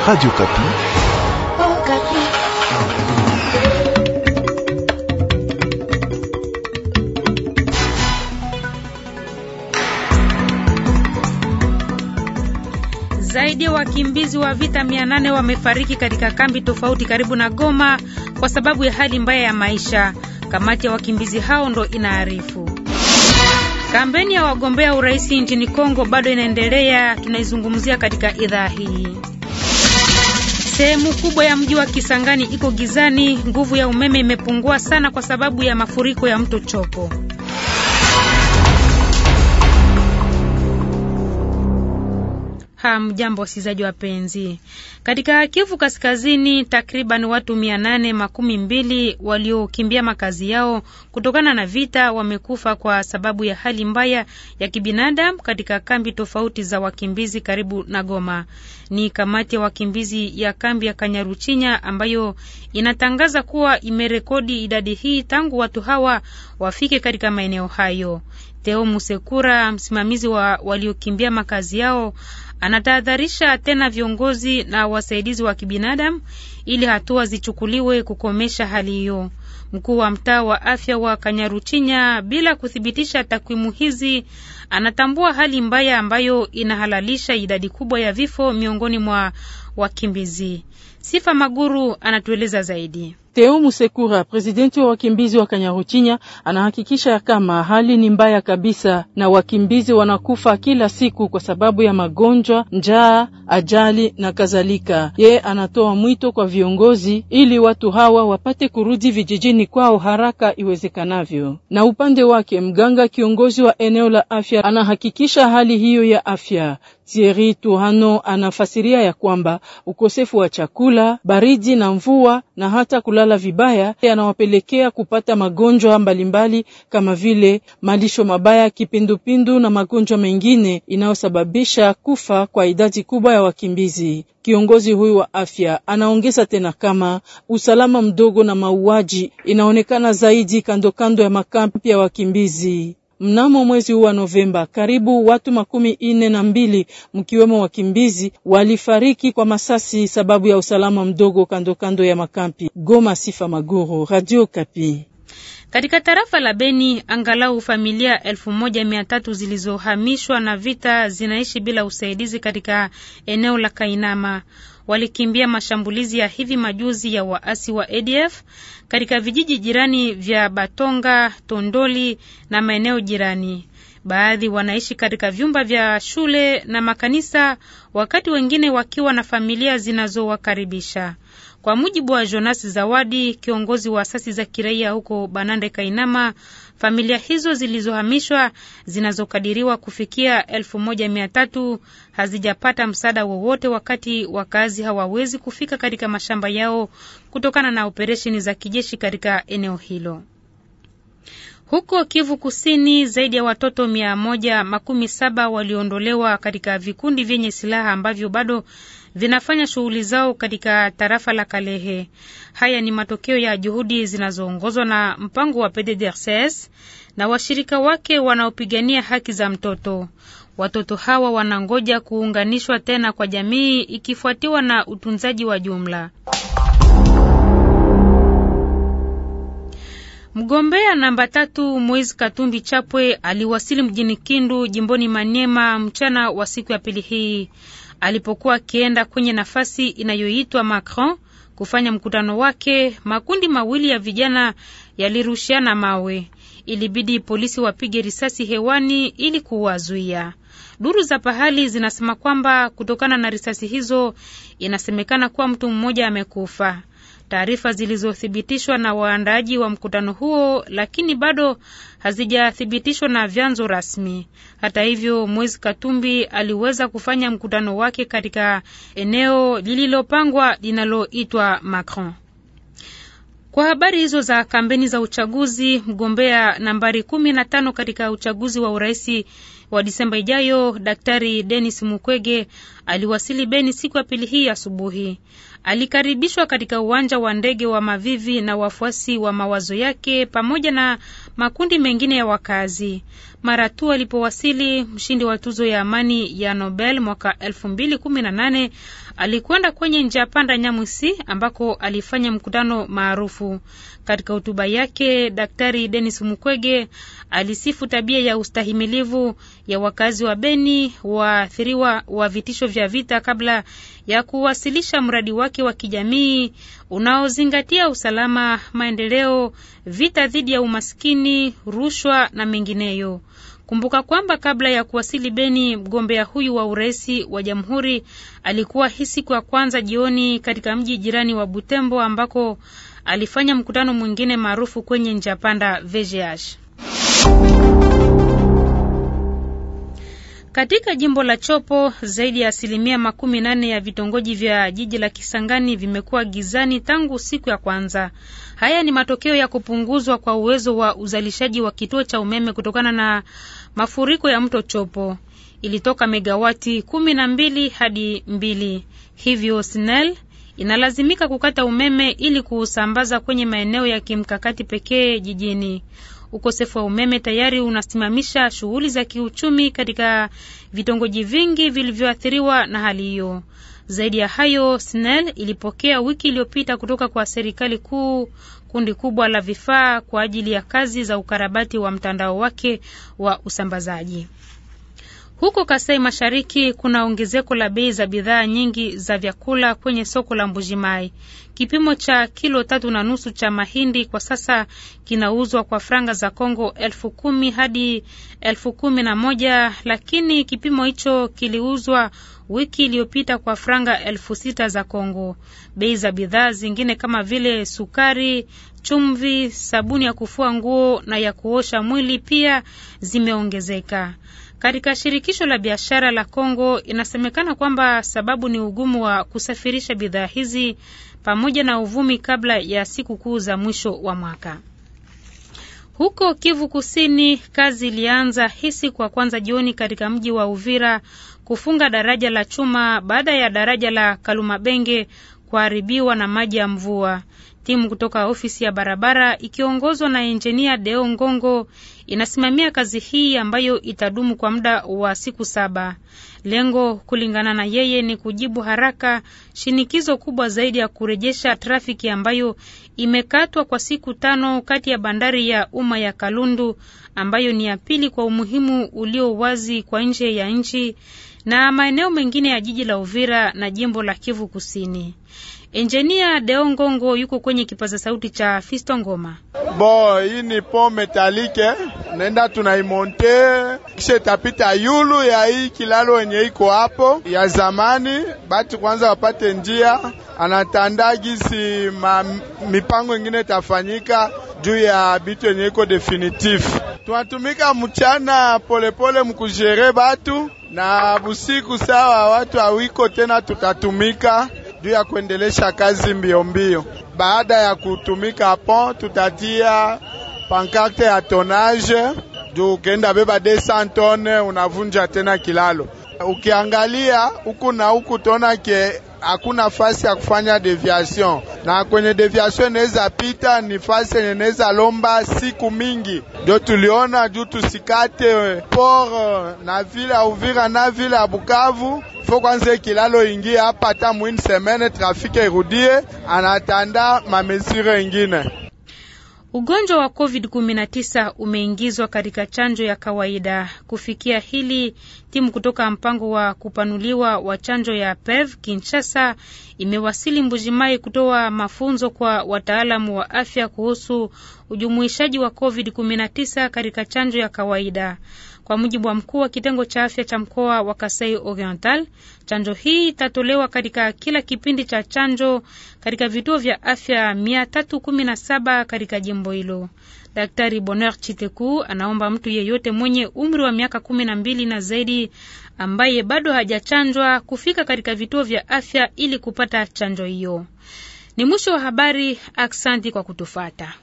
Radio Kapi. Oh, Kapi. Zaidi ya wakimbizi wa vita 800 wamefariki katika kambi tofauti karibu na Goma kwa sababu ya hali mbaya ya maisha. Kamati ya wakimbizi hao ndo inaarifu. Kampeni ya wagombea urais nchini Kongo bado inaendelea, tunaizungumzia katika idhaa hii. Sehemu kubwa ya mji wa Kisangani iko gizani, nguvu ya umeme imepungua sana kwa sababu ya mafuriko ya mto Choko. Hamjambo wasikilizaji wapenzi. Katika Kivu Kaskazini, takriban watu mia nane makumi mbili waliokimbia makazi yao kutokana na vita wamekufa kwa sababu ya hali mbaya ya kibinadamu katika kambi tofauti za wakimbizi karibu na Goma. Ni kamati ya wakimbizi ya kambi ya Kanyaruchinya ambayo inatangaza kuwa imerekodi idadi hii tangu watu hawa wafike katika maeneo hayo teo Musekura, msimamizi wa waliokimbia makazi yao, anatahadharisha tena viongozi na wasaidizi wa kibinadamu ili hatua zichukuliwe kukomesha hali hiyo. Mkuu wa mtaa wa afya wa Kanyaruchinya, bila kuthibitisha takwimu hizi, anatambua hali mbaya ambayo inahalalisha idadi kubwa ya vifo miongoni mwa wakimbizi. Sifa Maguru anatueleza zaidi. Teo Musekura, presidenti wa wakimbizi wa Kanyaruchinya, anahakikisha kama hali ni mbaya kabisa na wakimbizi wanakufa kila siku kwa sababu ya magonjwa, njaa, ajali na kadhalika. Yeye anatoa mwito kwa viongozi ili watu hawa wapate kurudi vijijini kwao haraka iwezekanavyo. Na upande wake, mganga kiongozi wa eneo la afya anahakikisha hali hiyo ya afya. Thierry Tuhano anafasiria ya kwamba ukosefu wa chakula, baridi na mvua na hata kula kulala vibaya yanawapelekea kupata magonjwa mbalimbali kama vile malisho mabaya, kipindupindu na magonjwa mengine inayosababisha kufa kwa idadi kubwa ya wakimbizi. Kiongozi huyu wa afya anaongeza tena kama usalama mdogo na mauaji inaonekana zaidi kandokando kando ya makampi ya wakimbizi. Mnamo mwezi huu wa Novemba, karibu watu makumi nne na mbili mkiwemo wakimbizi walifariki kwa masasi sababu ya usalama mdogo kandokando kando ya makampi. Goma, Sifa Maguru, Radio Kapi. Katika tarafa la Beni angalau familia elfu moja mia tatu zilizohamishwa na vita zinaishi bila usaidizi katika eneo la Kainama. Walikimbia mashambulizi ya hivi majuzi ya waasi wa ADF katika vijiji jirani vya Batonga, Tondoli na maeneo jirani. Baadhi wanaishi katika vyumba vya shule na makanisa, wakati wengine wakiwa na familia zinazowakaribisha. Kwa mujibu wa Jonas Zawadi, kiongozi wa asasi za kiraia huko Banande Kainama, familia hizo zilizohamishwa zinazokadiriwa kufikia elfu moja mia tatu hazijapata msaada wowote, wakati wakazi hawawezi kufika katika mashamba yao kutokana na operesheni za kijeshi katika eneo hilo. Huko Kivu Kusini, zaidi ya watoto mia moja makumi saba waliondolewa katika vikundi vyenye silaha ambavyo bado vinafanya shughuli zao katika tarafa la Kalehe. Haya ni matokeo ya juhudi zinazoongozwa na mpango wa PDDRCS na washirika wake wanaopigania haki za mtoto. Watoto hawa wanangoja kuunganishwa tena kwa jamii ikifuatiwa na utunzaji wa jumla. Mgombea namba tatu Moise Katumbi Chapwe aliwasili mjini Kindu jimboni Maniema mchana wa siku ya pili hii alipokuwa akienda kwenye nafasi inayoitwa Macron kufanya mkutano wake, makundi mawili ya vijana yalirushiana mawe. Ilibidi polisi wapige risasi hewani ili kuwazuia. Duru za pahali zinasema kwamba kutokana na risasi hizo, inasemekana kuwa mtu mmoja amekufa taarifa zilizothibitishwa na waandaaji wa mkutano huo, lakini bado hazijathibitishwa na vyanzo rasmi. Hata hivyo, Mwezi Katumbi aliweza kufanya mkutano wake katika eneo lililopangwa linaloitwa Macron. Kwa habari hizo za kampeni za uchaguzi, mgombea nambari kumi na tano katika uchaguzi wa urahisi wa Disemba ijayo, Daktari Denis Mukwege aliwasili Beni siku ya pili hii asubuhi. Alikaribishwa katika uwanja wa ndege wa Mavivi na wafuasi wa mawazo yake pamoja na makundi mengine ya wakazi. Mara tu alipowasili, mshindi wa tuzo ya amani ya Nobel mwaka 2018 alikwenda kwenye njia panda Nyamusi ambako alifanya mkutano maarufu. Katika hotuba yake, Daktari Denis Mukwege alisifu tabia ya ustahimilivu ya wakazi wa Beni waathiriwa wa vitisho vya ya vita kabla ya kuwasilisha mradi wake wa kijamii unaozingatia usalama, maendeleo, vita dhidi ya umaskini, rushwa na mengineyo. Kumbuka kwamba kabla ya kuwasili Beni, mgombea huyu wa urais wa jamhuri alikuwa hii siku ya kwanza jioni katika mji jirani wa Butembo ambako alifanya mkutano mwingine maarufu kwenye njapanda VGH. Katika jimbo la Chopo zaidi ya asilimia makumi nane ya vitongoji vya jiji la Kisangani vimekuwa gizani tangu siku ya kwanza. Haya ni matokeo ya kupunguzwa kwa uwezo wa uzalishaji wa kituo cha umeme kutokana na mafuriko ya mto Chopo. Ilitoka megawati kumi na mbili hadi mbili, hivyo SNEL inalazimika kukata umeme ili kuusambaza kwenye maeneo ya kimkakati pekee jijini. Ukosefu wa umeme tayari unasimamisha shughuli za kiuchumi katika vitongoji vingi vilivyoathiriwa na hali hiyo. Zaidi ya hayo, SNEL ilipokea wiki iliyopita kutoka kwa serikali kuu kundi kubwa la vifaa kwa ajili ya kazi za ukarabati wa mtandao wake wa usambazaji. Huko Kasai Mashariki kuna ongezeko la bei za bidhaa nyingi za vyakula kwenye soko la Mbujimai. Kipimo cha kilo tatu na nusu cha mahindi kwa sasa kinauzwa kwa franga za Kongo elfu kumi hadi elfu kumi na moja lakini kipimo hicho kiliuzwa wiki iliyopita kwa franga elfu sita za Kongo. Bei za bidhaa zingine kama vile sukari, chumvi, sabuni ya kufua nguo na ya kuosha mwili pia zimeongezeka. Katika shirikisho la biashara la Kongo inasemekana kwamba sababu ni ugumu wa kusafirisha bidhaa hizi pamoja na uvumi kabla ya siku kuu za mwisho wa mwaka. Huko Kivu Kusini, kazi ilianza hii siku ya kwanza jioni katika mji wa Uvira kufunga daraja la chuma baada ya daraja la Kalumabenge kuharibiwa na maji ya mvua. Timu kutoka ofisi ya barabara ikiongozwa na injinia Deo Ngongo inasimamia kazi hii ambayo itadumu kwa muda wa siku saba. Lengo kulingana na yeye ni kujibu haraka shinikizo kubwa zaidi ya kurejesha trafiki ambayo imekatwa kwa siku tano kati ya bandari ya umma ya Kalundu ambayo ni ya pili kwa umuhimu ulio wazi kwa nje ya nchi na maeneo mengine ya jiji la Uvira na jimbo la Kivu Kusini. Enjenia deongongo yuko kwenye kipaza sauti cha Fisto Ngoma. Bo, hii ni po metalike nenda tunaimonte kisha itapita yulu ya hii kilalo wenye iko hapo ya zamani, batu kwanza wapate njia anatanda gisi ma, mipango ingine itafanyika juu ya bitu yenye iko definitif. Tunatumika mchana polepole mkujere batu na busiku sawa watu awiko tena tutatumika juu ya kuendelesha kazi mbio mbio. Baada ya kutumika hapo, tutatia pankarte ya tonage juu ukienda beba 200 tone unavunja tena kilalo. Ukiangalia huku na huku tona ke hakuna fasi ya kufanya deviation, na kwenye deviation inaweza pita ni fasi yenye inaweza lomba siku mingi, ndio tuliona juu tusikate por na vile ya Uvira na vile ya Bukavu fo kwanza kilalo ingia hapa, hata mwini semene trafike irudie, anatanda mamesure ingine Ugonjwa wa COVID-19 umeingizwa katika chanjo ya kawaida. Kufikia hili, timu kutoka mpango wa kupanuliwa wa chanjo ya PEV Kinshasa imewasili Mbujimai kutoa mafunzo kwa wataalamu wa afya kuhusu ujumuishaji wa COVID-19 katika chanjo ya kawaida. Kwa mujibu wa mkuu wa kitengo cha afya cha mkoa wa Kasai Oriental, chanjo hii itatolewa katika kila kipindi cha chanjo katika vituo vya afya 317 katika jimbo hilo. Daktari Bonheur Chiteku anaomba mtu yeyote mwenye umri wa miaka kumi na mbili na zaidi ambaye bado hajachanjwa kufika katika vituo vya afya ili kupata chanjo hiyo. Ni mwisho wa habari. Aksanti kwa kutufata.